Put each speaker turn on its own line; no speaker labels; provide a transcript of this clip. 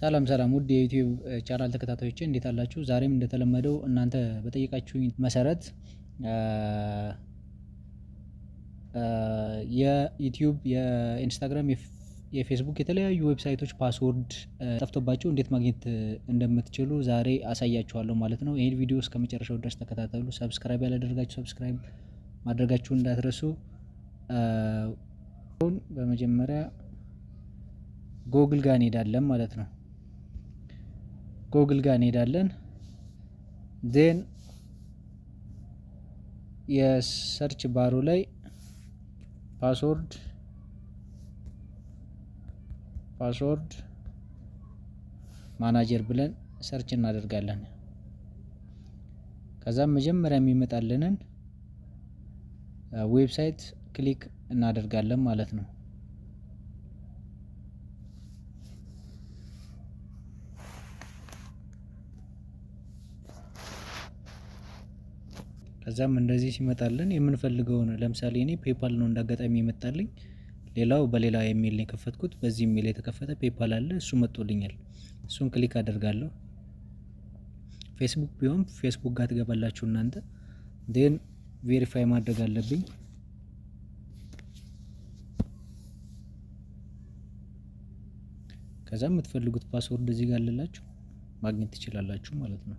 ሰላም ሰላም ውድ የዩቲዩብ ቻናል ተከታታዮች እንዴት አላችሁ? ዛሬም እንደተለመደው እናንተ በጠየቃችሁኝ መሰረት የዩቲዩብ፣ የኢንስታግራም፣ የፌስቡክ የተለያዩ ዌብሳይቶች ፓስወርድ ጠፍቶባቸው እንዴት ማግኘት እንደምትችሉ ዛሬ አሳያችኋለሁ ማለት ነው። ይህን ቪዲዮ እስከ መጨረሻው ድረስ ተከታተሉ። ሰብስክራይብ ያላደረጋችሁ ሰብስክራይብ ማድረጋችሁ እንዳትረሱ። በመጀመሪያ ጎግል ጋር እንሄዳለን ማለት ነው። ጎግል ጋር እንሄዳለን። ዜን የሰርች ባሩ ላይ ፓስወርድ ፓስወርድ ማናጀር ብለን ሰርች እናደርጋለን። ከዛም መጀመሪያ የሚመጣልንን ዌብሳይት ክሊክ እናደርጋለን ማለት ነው። ከዛም እንደዚህ ሲመጣልን የምንፈልገውን ለምሳሌ እኔ ፔፓል ነው እንዳጋጣሚ የመጣልኝ። ሌላው በሌላ ኢሜል ነው የከፈትኩት። በዚህ ኢሜል የተከፈተ ፔፓል አለ፣ እሱ መጥቶልኛል። እሱን ክሊክ አደርጋለሁ። ፌስቡክ ቢሆን ፌስቡክ ጋር ትገባላችሁ እናንተ። ዴን ቬሪፋይ ማድረግ አለብኝ። ከዛ የምትፈልጉት ፓስወርድ እዚህ ጋር አለላችሁ፣ ማግኘት ትችላላችሁ ማለት ነው።